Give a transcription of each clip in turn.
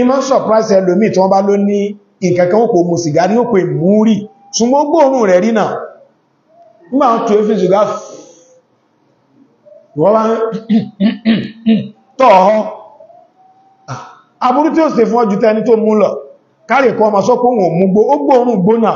ìmọ̀ surprise ẹlòmí tí wọ́n bá ló ní ìkẹ̀kẹ́ òkò mú sìgárí na ìmúrí ṣùgbọ́n gbóòrùn rẹ̀ rí náà nígbà wọn tó fi ṣùgá wọ́n wá tọ́ọ̀họ́ aburú tí ó ṣe fún ọjú tẹni tó mú lọ kárí kọ́ ma sọ pé òun mú gbóòrùn gbóná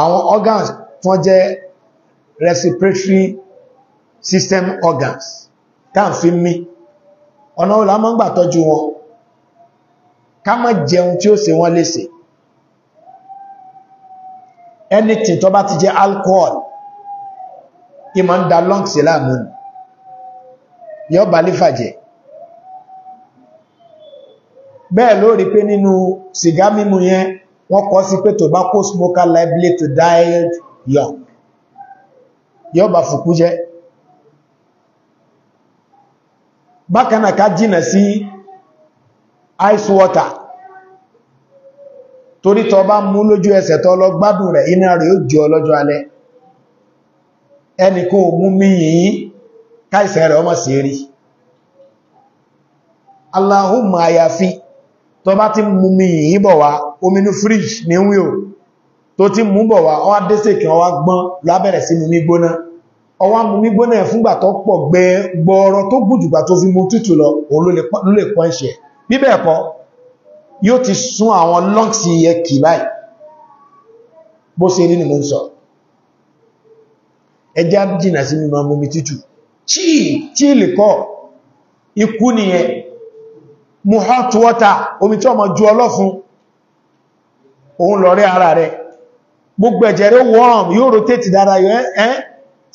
àwọn organs wọ́n jẹ́ respiratory system organs tá ń fi mí ọ̀nà òlà mọ́ ń gbà tọ́jú wọn ká má jẹun tí ó ṣe wọ́n léṣe anything tó bá ti jẹ́ alcohol ìmọ̀ ń da lungs láàmú ni yọ́ bá lífà jẹ́ bẹ́ẹ̀ ló rí pé nínú sìgá mímu yẹn wọ́n kọ́ sí pé tobacco smoker liable to die young yóò bá fùkú jẹ́ bákan ká jìnà sí ice water torí tó bá mú lójú ẹsẹ̀ tó lọ gbádùn rẹ̀ iná rẹ̀ ó jẹ́ ọlọ́jọ́ alẹ́ ẹnìkan ò mú míyìn káìsẹ̀ rẹ̀ ọmọ sí rí Allahumma àyàfi tó bá ti mú mi yìí bọ̀ wá omi fridge ní wí o tó ti mú bọ̀ wá ọwá dẹ́sẹ̀kì ọwá gbọ́n lábẹ̀rẹ̀ sí mú mi gbóná ọwá mú mi gbóná ẹ̀ fúngbà tó pọ̀ gbẹ gbọ́ọ̀rọ̀ tó gbùjùgbà tó fi mú tútù lọ òun ló lè pọ́n ṣe bíbẹ̀ ẹ̀kọ́ yóò ni mo mu hot water omi tí ọmọ ju ọlọ́fun òun lọ rẹ ara rẹ gbogbo ẹ̀jẹ̀ rẹ warm yóò rotate dára yọ ẹ́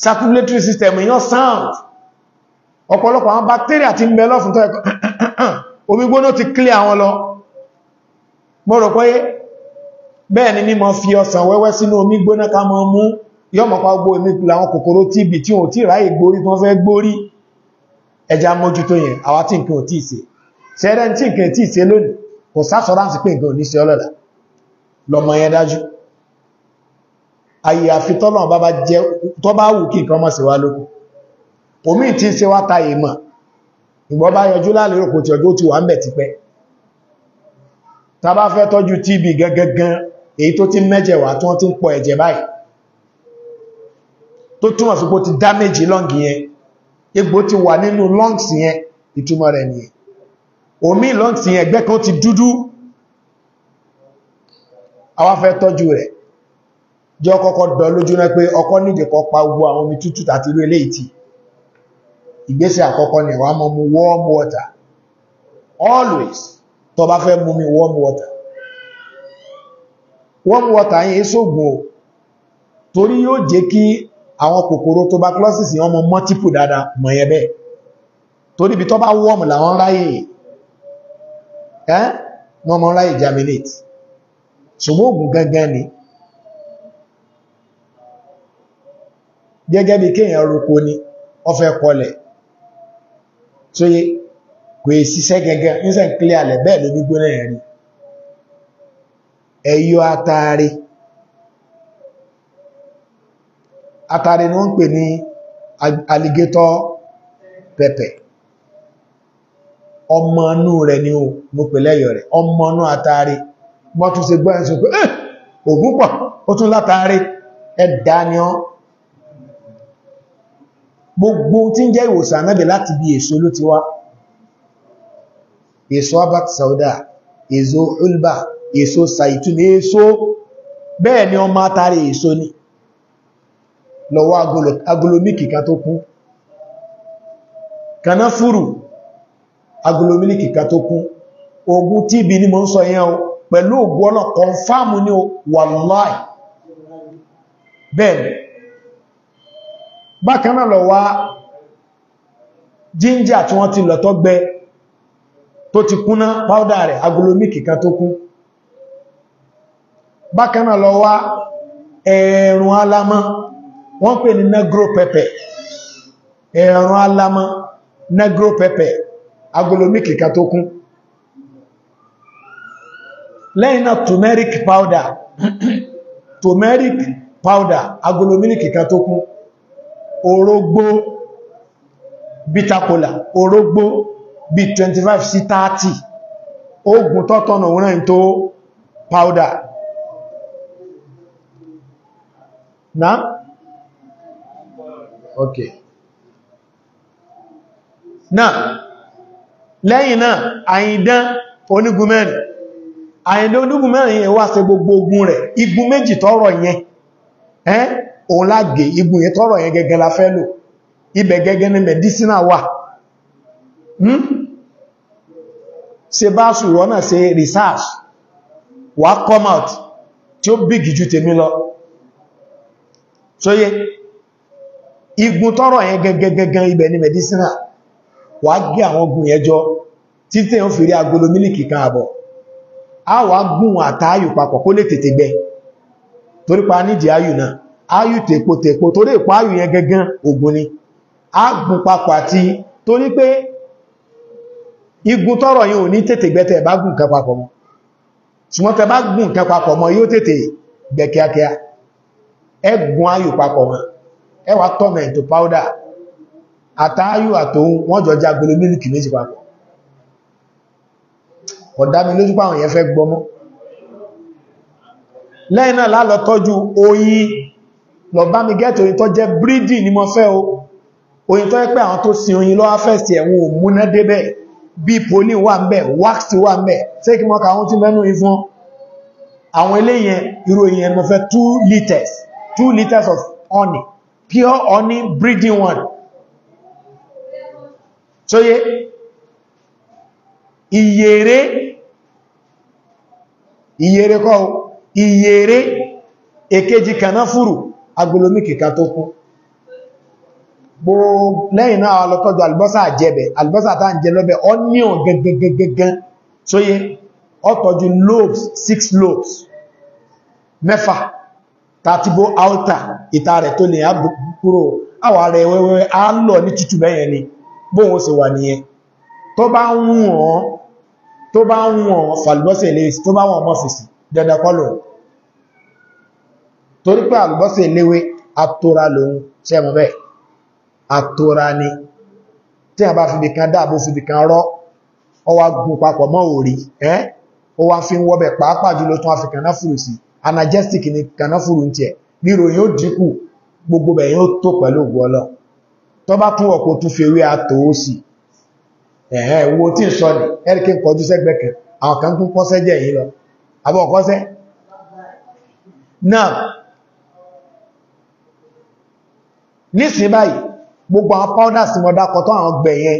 circulatory system èyàn sound ọ̀pọ̀lọpọ̀ àwọn bacteria ti ń bẹ lọ́fun tó ẹ̀kọ́ omi gbóná ti clear àwọn lọ mọ́rọ̀ pé bẹ́ẹ̀ ni mímọ̀ fi ọsàn wẹ́wẹ́ sínú omi gbóná ká mọ́ mú yọ́mọ̀pá gbó omi làwọn kòkòrò TB tí ò tí ráyè gbórí tó wọ́n fẹ́ gbórí ẹja mọ́jú tó yẹn àwa tí nǹkan ò tí ì ṣe sẹ́rẹ́ tí nǹkan tí ìṣe lónìí kò sásọ́ránsì pé nǹkan oníṣẹ́ ọlọ́lá lọmọ yẹn dájú ayé àfitọ́lọ̀ bàbá jẹ́ tó bá wù kí nǹkan mọ́ sí wá lókù omi tí ṣe wá ta ìmọ̀ ìgbọ́ bá yọjú lálérò kò tí ọjọ́ ti wà ń bẹ̀ ti pẹ́ ta bá fẹ́ tọ́jú TB gangan èyí tó ti mẹ́jẹ̀ wà tí wọ́n ti ìtumọ̀ rẹ̀ nìyẹn omi lọ́n ti ẹgbẹ́ kan ti dúdú àwa fẹ́ tọ́jú rẹ̀ jẹ́ kọ́kọ́ dán lójú náà pé ọkọ́ nídẹ̀ kọ́ pa gbogbo àwọn omi tútù àti irú ilé ìtì ìgbésẹ̀ àkọ́kọ́ ni wá mọ́ mu warm water always tó bá fẹ́ mú mi warm water warm water yìí sóògùn o torí yóò jẹ́ kí àwọn kòkòrò tuberculosis wọ́n mọ́ multiple dada mọ̀ yẹn bẹ́ẹ̀ torí ibi tó bá warm làwọn ráyè wọ́n mọ́ ráyè germinate ṣùgbọ́n ògùn gangan ni gẹ́gẹ́ bí kéèyàn roko ni ọfẹ́ kọlẹ̀ tó yé kò è síṣẹ́ gẹ́gẹ́ níṣẹ́ ń kílẹ̀ alẹ̀ bẹ́ẹ̀ ló gbígbóná ẹ̀rí ẹ̀yọ atare atare ni wọ́n ń pè ní alligator pepper ọmọ inú rẹ̀ ni o mo pè rẹ̀ ọmọ inú àtàrí wọ́n tún ṣe gbọ́yẹ̀ sí pé eh, ògún pọ̀ ó tún látàrí ni ọ́ gbogbo tí ń jẹ́ ìwòsàn náà láti bí èso ló ti wá èso abat sauda èso ulba èso saitun èso bẹ́ẹ̀ ni ọmọ àtàrí ni lọ́wọ́ agolomíkì tó kú agolo mílìkì ká tó kún ogun tí ibi ni mo ń sọ yẹn o pẹ̀lú ògùn ọ̀nà kọ̀nfàmù ní o wàláì bẹ́ẹ̀ bákan náà lọ wá jíńjà tí wọ́n ti lọ tó gbẹ tó ti kúnná pàódà rẹ̀ agolo mílìkì tó kún bákan lọ wá ẹ̀ẹ̀rùn alamọ́ wọ́n pè ní negro pepper ẹ̀ẹ̀rùn alamọ́ negro pepper agolomíkì ká tó kún lẹ́yìn náà turmeric powder turmeric powder agolomíkì ká tó kún orógbó bitter cola orógbó bí 25 sí 30 oògùn tọ́tọ̀nà wọ́n tó powder na ok náà lẹ́yìn náà àyìndán onígun mẹ́rin àyìndán onígun mẹ́rin yẹn wá gbogbo ogun rẹ̀ igun méjì tọ́rọ̀ yẹn ẹ́ òun lágbé igun yẹn tọ́rọ̀ yẹn gẹ́gẹ́ la fẹ́ lò ibẹ̀ gẹ́gẹ́ ní mẹ́dísínà wà hmm? ṣe bá ṣùrọ̀ náà ṣe research wà come out tí ó bígì tèmi igun tọ́rọ̀ yẹn gẹ́gẹ́gẹ́gẹ́ ibẹ̀ ní mẹ́dísínà wà gẹ́ àwọn ogun yẹn jọ títí ń fi rí agolo mílìkì kan àbọ̀ a wá gún àtàyù papọ̀ kó lè tètè gbẹ torí pa nídìí ayù náà ayù tèpo tèpo torí èpo ayù yẹn gangan ògùn ni a gún papọ̀ àti torí pé igun tọ́rọ̀ yìí ò ní tètè gbẹ tẹ́ bá gùn kan papọ̀ mọ́ ṣùgbọ́n tẹ́ bá gùn kan papọ̀ mọ́ yóò tètè gbẹ kíákíá ẹ gún ayù papọ̀ powder àtàyù àtòun wọ́n jọ jagolo mílìkì méjì papọ̀ ọ̀dá mi lójú pàwọn èèyàn fẹ́ gbọmọ́ lẹ́yìn náà lálọ tọ́jú oyin lọ bá mi gẹ́ẹ̀tì oyin tó jẹ́ breeding ni mo fẹ́ o oyin tó yẹ pé àwọn tó sin oyin lọ́wọ́ fẹ́sì ẹ̀wọ̀n òmúná débẹ̀ bí polin wà ń bẹ̀ wax wà ń bẹ̀ ṣé kí mọ́ ka àwọn tí mẹ́nu ìfún àwọn eléyẹn irú oyin ẹni fẹ́ 2 liters 2 liters of honey pure honey breeding one ṣóyé ìyèrè ìyèrè kọ́ ìyèrè fúrù kanáfùrù agolomíkìká tó kún lẹ́yìn náà alọ́tọ́jọ albọ́sà jẹ́bẹ̀ albọ́sà tá ń jẹ lọ́bẹ̀ onion gẹ́gẹ́gẹ́gẹ́gẹ́ sóyé ọ̀tọ́jú lobes six lobes mẹ́fà tàtíbó alta ìta rẹ̀ tó lè kúrò àwà rẹ̀ wẹ́wẹ́ á lọ ní tútù bẹ́yẹn ni bóhun sì tó bá ń wọ̀n fàlùbọ́sẹ̀ lè tó bá wọ̀n mọ́fìsì dandakọ́lò torí pé àlùbọ́sẹ̀ léwé àtòrà lòun tí ẹmọ̀ bẹ́ àtòrà ni tí a bá fi bì kan dáàbò fi bì kan rọ́ ọ wá gùn papọ̀ mọ́ òrí ẹ́ ó wá fi ń wọ́bẹ̀ pàápàá jùlọ ni kanáfùrù ń tiẹ̀ ríro yóò dínkù gbogbo bẹ̀ yóò tó pẹ̀lú ògbọ́lọ̀ tó bá tún ẹ̀hẹ́ owó tí ń sọ ní ẹ́rìkí ń kọjú sẹ́gbẹ́ àwọn kan tún kọ́sẹ́ jẹ́ èyí lọ kọ́sẹ́ náà nísìn báyìí gbogbo àwọn powders tí mo dákọ àwọn gbẹ̀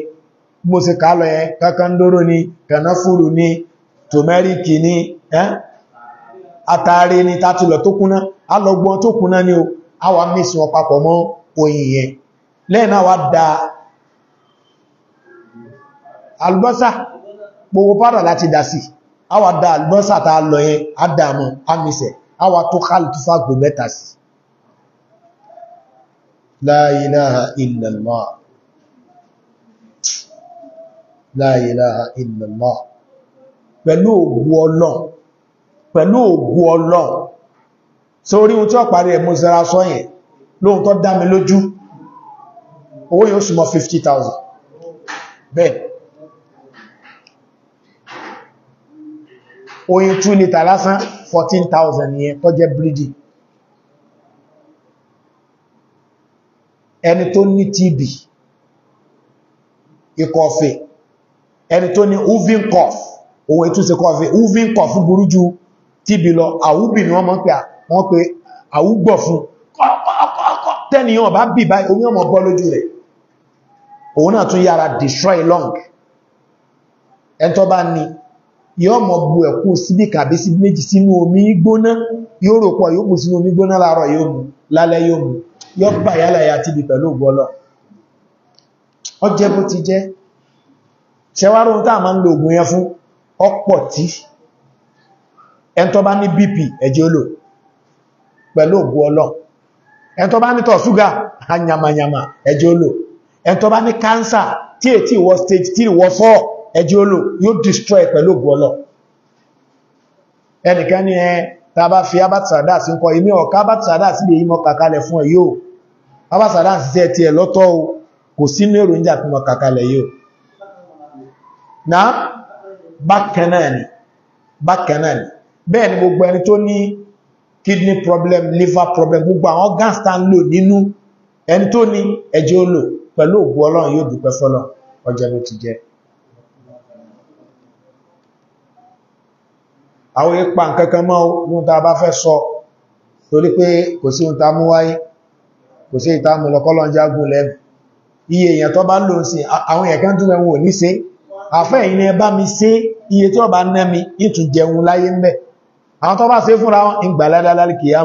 mo sì ká ni kanáfùrù ni tòmẹ́ríkì ni ni tátùlọ̀ tó kúnná alọ́gbọ́n tó ni o a àlùbọ́sà gbogbo pàdà láti dà sí àwà dá àlùbọ́sà tá a lọ yẹn àdàmù àmìsẹ̀ àwà tó kálù tó fàgbò mẹ́ta sí la ilaha illallah la ilaha illallah pẹ̀lú ògbú ọlọ́ pẹ̀lú ògbú ọlọ́ sórí ohun tí ó owó yóò súnmọ́ 50,000 bẹ́ẹ̀ oyin 2 litre lásán 14,000 nìyẹn tó jẹ́ bírídì ẹni tó ní TB ikọ̀ ọ̀fẹ́ ẹni tó ní uvin cough òun ètúnṣe kọfẹ́ uvin cough burú ju TB lọ àwúbì ni wọ́n mọ́ pé wọ́n pé àwúgbọ̀ fún tẹ́niyàn bá bì báyìí omi ọmọ bọ́ lójú rẹ̀ òun náà tún yára destroy lung ẹni tó bá ní yóò mọ̀ bu ẹ̀kú síbí kàbí síbí méjì sínú omi gbóná yóò rò pọ̀ yóò bù sínú omi gbóná láàárọ̀ yóò mú lálẹ́ yóò mú yóò bà yálà ya ti bí pẹ̀lú ògbọ́lọ̀ ọ jẹ́ bó ti jẹ́ ṣẹwárún tá ma ń lo ògùn yẹn fún ọpọ̀ tí ẹn tó bá ní bp ẹjẹ́ olò pẹ̀lú ògbọ́lọ̀ ẹn tó bá ní tọ̀ ṣúgà anyamanyama ẹjẹ́ olò ẹn tó bá ní kánsà tí ètí wọ stage 3 wọ 4 ẹjí olò yóò destroy pẹ̀lú ògbò ọlọ́ ẹnìkan ni ẹ tàbá fi abátsàdá sí ń kọ imé ọ̀ká abátsàdá sí lè yí mọ́ kàkalẹ̀ fún ẹ̀ yóò abátsàdá sí tẹ́ ti ẹ̀ lọ́tọ̀ o kò sí ní èròjà fún kàkalẹ̀ yóò na bákanáà ni bákanáà ni bẹ́ẹ̀ ni gbogbo kidney problem liver problem gbogbo àwọn organs tá ń lò nínú ẹni tó ní ẹjẹ́ ó lò pẹ̀lú ògbò ló ti jẹ́ àwọn ipa nkankan mọ́ ohun tá a bá fẹ́ sọ torí pé kò sí ohun tá mú wáyé kò sí ìta mú lọ́kọ́lọ́ jágún lẹ́bù iye èèyàn tó bá lò sí àwọn èèyàn kan tún ẹ̀wọ̀n ò ní ṣe àfẹ́ ìní ẹ bá mi ṣe iye tí ó bá ná mi ìtù jẹun láyé ń bẹ̀ àwọn tó bá ṣe fúnra wọn ń kìí